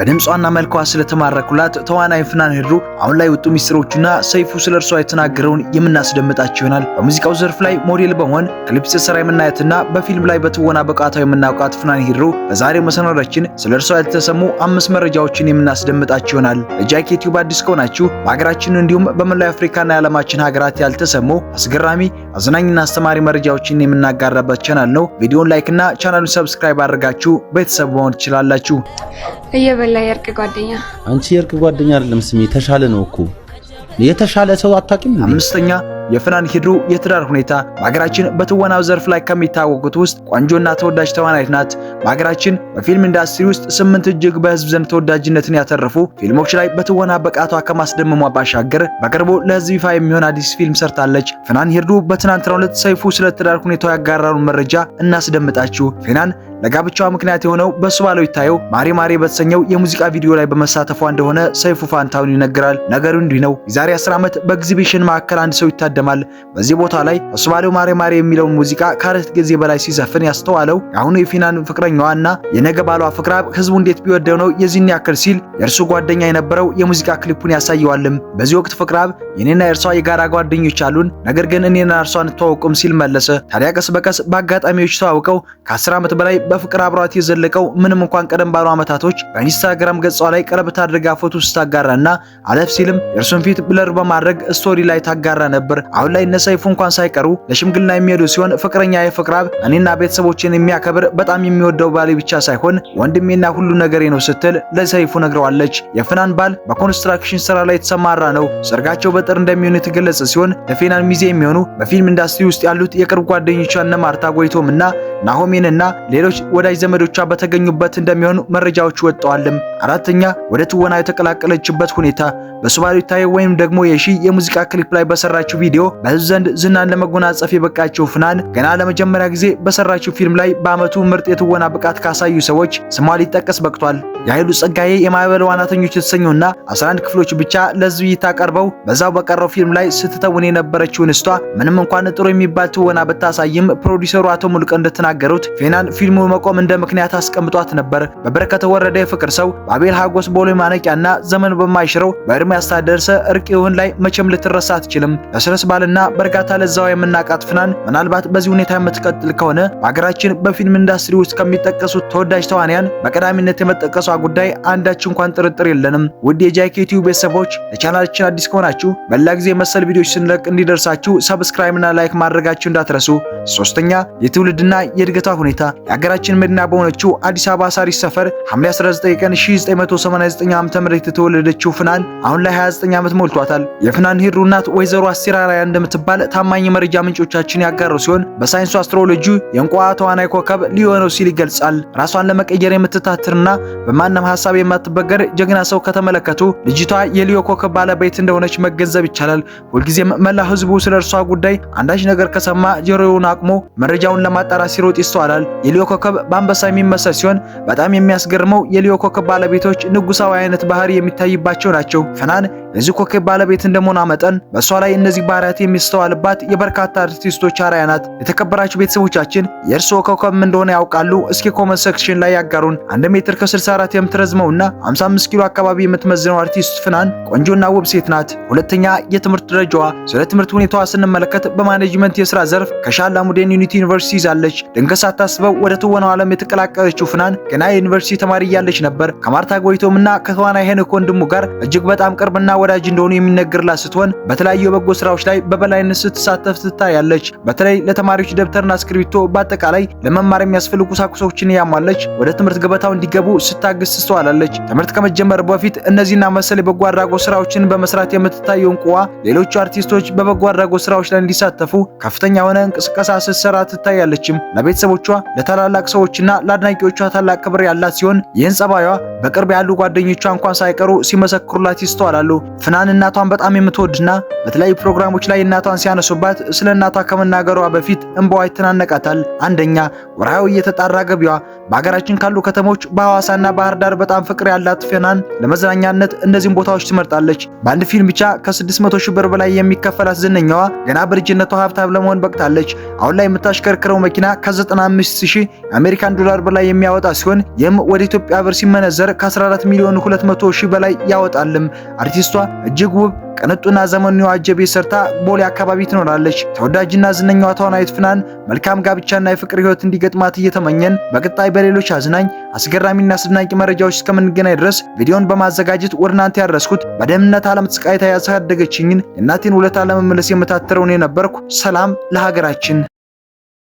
በድምጿና መልኳ ስለተማረኩላት ተዋናይ ፍናን ህድሩ አሁን ላይ ወጡ ሚስጥሮቹና ሰይፉ ስለ እርሷ የተናገረውን የምናስደምጣችሁ ይሆናል። በሙዚቃው ዘርፍ ላይ ሞዴል በመሆን ክሊፕ ስትሰራ የምናያትና በፊልም ላይ በትወና በቃታው የምናውቃት ፍናን ህድሩ በዛሬው መሰናዳችን ስለ እርሷ ያልተሰሙ አምስት መረጃዎችን የምናስደምጣችሁ ይሆናል። ለጃኬት ዩቲዩብ አዲስ ከሆናችሁ በሀገራችን እንዲሁም በመላው አፍሪካና የዓለማችን ሀገራት ያልተሰሙ አስገራሚ አዝናኝና አስተማሪ መረጃዎችን የምናጋራበት ቻናል ነው። ቪዲዮን ላይክና ቻናሉን ሰብስክራይብ አድርጋችሁ ቤተሰብ መሆን ትችላላችሁ። ጠላ የእርቅ ጓደኛ አንቺ የእርቅ ጓደኛ አይደለም ስሜ የተሻለ ነው እኮ የተሻለ ሰው አታውቂም አምስተኛ የፍናን ሂድሩ የትዳር ሁኔታ በሀገራችን በትወናው ዘርፍ ላይ ከሚታወቁት ውስጥ ቆንጆና ተወዳጅ ተዋናይት ናት። በሀገራችን በፊልም ኢንዳስትሪ ውስጥ ስምንት እጅግ በህዝብ ዘንድ ተወዳጅነትን ያተረፉ ፊልሞች ላይ በትወና ብቃቷ ከማስደመሟ ባሻገር በቅርቡ ለህዝብ ይፋ የሚሆን አዲስ ፊልም ሰርታለች። ፍናን ሂድሩ በትናንትናው ዕለት ሰይፉ ስለ ትዳር ሁኔታው ያጋራሩን መረጃ እናስደምጣችሁ። ፍናን ለጋብቻዋ ምክንያት የሆነው በሱ ባለው ይታየው ማሬ ማሬ በተሰኘው የሙዚቃ ቪዲዮ ላይ በመሳተፏ እንደሆነ ሰይፉ ፋንታውን ይነግራል። ነገሩ እንዲህ ነው። የዛሬ 10 ዓመት በኤግዚቢሽን ማዕከል አንድ ሰው ይታደማል። በዚህ ቦታ ላይ በሱ ባለው ማሬ ማሬ የሚለውን ሙዚቃ ከአራት ጊዜ በላይ ሲዘፍን ያስተዋለው የአሁኑ የፊናን ፍቅረኛዋና የነገ ባሏ ፍቅራብ ህዝቡ እንዴት ቢወደው ነው የዚህን ያክል ሲል የእርሱ ጓደኛ የነበረው የሙዚቃ ክሊፑን ያሳየዋልም። በዚህ ወቅት ፍቅራብ የኔና የእርሷ የጋራ ጓደኞች አሉን፣ ነገር ግን እኔና እርሷ አንተዋወቅም ሲል መለሰ። ታዲያ ቀስ በቀስ በአጋጣሚዎች ተዋውቀው ከ10 ዓመት በላይ በፍቅር አብሯት የዘለቀው ምንም እንኳን ቀደም ባሉ ዓመታቶች በኢንስታግራም ገጿ ላይ ቀረብ ታድርጋ ፎቶ ስታጋራና አለፍ ሲልም የእርሱን ፊት ብለር በማድረግ ስቶሪ ላይ ታጋራ ነበር። አሁን ላይ እነ ሰይፉ እንኳን ሳይቀሩ ለሽምግልና የሚሄዱ ሲሆን ፍቅረኛ የፍቅር አብ እኔና ቤተሰቦችን የሚያከብር በጣም የሚወደው ባሌ ብቻ ሳይሆን ወንድሜና ሁሉ ነገሬ ነው ስትል ለሰይፉ ነግረዋለች። የፍናን ባል በኮንስትራክሽን ስራ ላይ የተሰማራ ነው። ሰርጋቸው በጥር እንደሚሆን የተገለጸ ሲሆን ለፊናን ሚዜ የሚሆኑ በፊልም ኢንዱስትሪ ውስጥ ያሉት የቅርብ ጓደኞቿ እነ ማርታ ጎይቶም እና ናሆሜን እና ሌሎች ወዳጅ ዘመዶቿ በተገኙበት እንደሚሆን መረጃዎች ወጥተዋልም። አራተኛ ወደ ትወና የተቀላቀለችበት ሁኔታ በሱባሪታይ ወይም ደግሞ የሺ የሙዚቃ ክሊፕ ላይ በሰራችው ቪዲዮ በህዝብ ዘንድ ዝናን ለመጎናጸፍ የበቃቸው ፍናን ገና ለመጀመሪያ ጊዜ በሰራችው ፊልም ላይ በአመቱ ምርጥ የትወና ብቃት ካሳዩ ሰዎች ስሟ ሊጠቀስ በቅቷል። የኃይሉ ጸጋዬ የማዕበል ዋናተኞች የተሰኘውና 11 ክፍሎች ብቻ ለህዝብ እይታ ቀርበው በዛው በቀረው ፊልም ላይ ስትተውን የነበረችውን እስቷ ምንም እንኳን ጥሩ የሚባል ትወና ብታሳይም ፕሮዲሰሩ አቶ ሙልቀ እንደተናገሩት ፌናን ፊልሙ መቆም እንደ ምክንያት አስቀምጧት ነበር። በበረከተ ወረደ የፍቅር ሰው በአቤል ሀጎስ ቦሌ ማነቂያና ዘመን በማይሽረው በዕድሜ ያስታደርሰ እርቅ ይሁን ላይ መቼም ልትረሳ አትችልም። ለስረስ ባልና በእርጋታ ለዛዋ የምናቃት ፍናን ምናልባት በዚህ ሁኔታ የምትቀጥል ከሆነ በሀገራችን በፊልም ኢንዳስትሪ ውስጥ ከሚጠቀሱት ተወዳጅ ተዋንያን በቀዳሚነት የመጠቀሷ ጉዳይ አንዳች እንኳን ጥርጥር የለንም። ውድ የጃኬ ቤተሰቦች ለቻናላችን አዲስ ከሆናችሁ በላ ጊዜ መሰል ቪዲዮዎች ስንለቅ እንዲደርሳችሁ ሰብስክራይብና ላይክ ማድረጋችሁ እንዳትረሱ። ሶስተኛ የትውልድና የእድገቷ ሁኔታ የሀገራችን መዲና በሆነችው አዲስ አበባ ሳሪስ ሰፈር ሐምሌ 19 ቀን 1989 የተወለደችው ፍናን አሁን ላይ 29 ዓመት ሞልቷታል። የፍናን ሂሩ እናት ወይዘሮ አስቴር አርአያ እንደምትባል ታማኝ መረጃ ምንጮቻችን ያጋሩ ሲሆን በሳይንሱ አስትሮሎጂ የእንቋ ተዋናይ ኮከብ ሊዮ ነው ሲል ይገልጻል። ራሷን ለመቀየር የምትታትርና በማንም ሀሳብ የማትበገር ጀግና ሰው ከተመለከቱ ልጅቷ የሊዮ ኮከብ ባለቤት እንደሆነች መገንዘብ ይቻላል። ሁልጊዜም መላ ህዝቡ ስለ እርሷ ጉዳይ አንዳች ነገር ከሰማ ጆሮውን አቅሞ መረጃውን ለማጣራት ሲሮጥ ይስተዋላል። የሊዮ ኮከብ በአንበሳ የሚመሰል ሲሆን በጣም የሚያስገርመው የሊዮ ኮከብ ባለቤቶች ንጉሳዊ አይነት ባህሪ የሚታይባቸው ናቸው። ፈናን የዚህ ኮከብ ባለቤት እንደመሆኗ መጠን በእሷ ላይ እነዚህ ባህሪያት የሚስተዋልባት የበርካታ አርቲስቶች አርአያ ናት። የተከበራችሁ ቤተሰቦቻችን የእርስዎ ኮከብ እንደሆነ ያውቃሉ? እስኪ ኮመንት ሴክሽን ላይ ያጋሩን። አንድ ሜትር ከ64 የምትረዝመውና 55 ኪሎ አካባቢ የምትመዝነው አርቲስት ፍናን ቆንጆና ውብ ሴት ናት። ሁለተኛ የትምህርት ደረጃዋ። ስለ ትምህርት ሁኔታዋ ስንመለከት በማኔጅመንት የስራ ዘርፍ ከሻላሙዴን ዩኒቲ ዩኒቨርሲቲ ይዛለች። ድንገት ሳታስበው ወደ የትወናው ዓለም የተቀላቀለችው ፍናን ገና የዩኒቨርሲቲ ተማሪ እያለች ነበር ከማርታ ጎይቶም እና ከተዋናይ ሄኖክ ወንድሙ ጋር እጅግ በጣም ቅርብና ወዳጅ እንደሆኑ የሚነገርላት ስትሆን በተለያዩ የበጎ ስራዎች ላይ በበላይነት ስትሳተፍ ትታያለች። በተለይ ለተማሪዎች ደብተርና እስክሪብቶ፣ በአጠቃላይ ለመማር የሚያስፈልጉ ቁሳቁሶችን ያሟለች፣ ወደ ትምህርት ገበታው እንዲገቡ ስታግዝ ትስተዋላለች። ትምህርት ከመጀመር በፊት እነዚህና መሰል የበጎ አድራጎት ስራዎችን በመስራት የምትታየውን ቁዋ ሌሎቹ አርቲስቶች በበጎ አድራጎት ስራዎች ላይ እንዲሳተፉ ከፍተኛ የሆነ እንቅስቀሳ ስትሰራ ትታያለችም። ለቤተሰቦቿ ለታላላ ለታላላቅ ሰዎችና ለአድናቂዎቿ ታላቅ ክብር ያላት ሲሆን ይህን ጸባዩዋ በቅርብ ያሉ ጓደኞቿ እንኳን ሳይቀሩ ሲመሰክሩላት ይስተዋላሉ። ፍናን እናቷን በጣም የምትወድና በተለያዩ ፕሮግራሞች ላይ እናቷን ሲያነሱባት ስለ እናቷ ከመናገሯ በፊት እንባዋ ይተናነቃታል። አንደኛ ወርሃዊ እየተጣራ ገቢዋ በሀገራችን ካሉ ከተሞች በሐዋሳና ባህር ዳር በጣም ፍቅር ያላት ፍናን ለመዝናኛነት እነዚህን ቦታዎች ትመርጣለች። በአንድ ፊልም ብቻ ከ600 ሺህ ብር በላይ የሚከፈላት ዝነኛዋ ገና በልጅነቷ ሀብታም ለመሆን በቅታለች። አሁን ላይ የምታሽከርክረው መኪና ከ95 ሺህ አሜሪካን ዶላር በላይ የሚያወጣ ሲሆን ይህም ወደ ኢትዮጵያ ብር ሲመነዘር ከ14 ሚሊዮን 200 ሺህ በላይ ያወጣልም። አርቲስቷ እጅግ ውብ ቅንጡና ዘመኑን የዋጀ ቤት ሰርታ ቦሌ አካባቢ ትኖራለች። ተወዳጅና ዝነኛዋ ተዋናይት ፍናን መልካም ጋብቻና የፍቅር ህይወት እንዲገጥማት እየተመኘን በቀጣይ በሌሎች አዝናኝ አስገራሚና አስደናቂ መረጃዎች እስከምንገናኝ ድረስ ቪዲዮን በማዘጋጀት ወደ እናንተ ያደረስኩት በደህንነት ዓለም ስቃይታ ያሳደገችኝን የእናቴን ውለታ ለመመለስ የምታትረውን የነበርኩ ሰላም ለሀገራችን።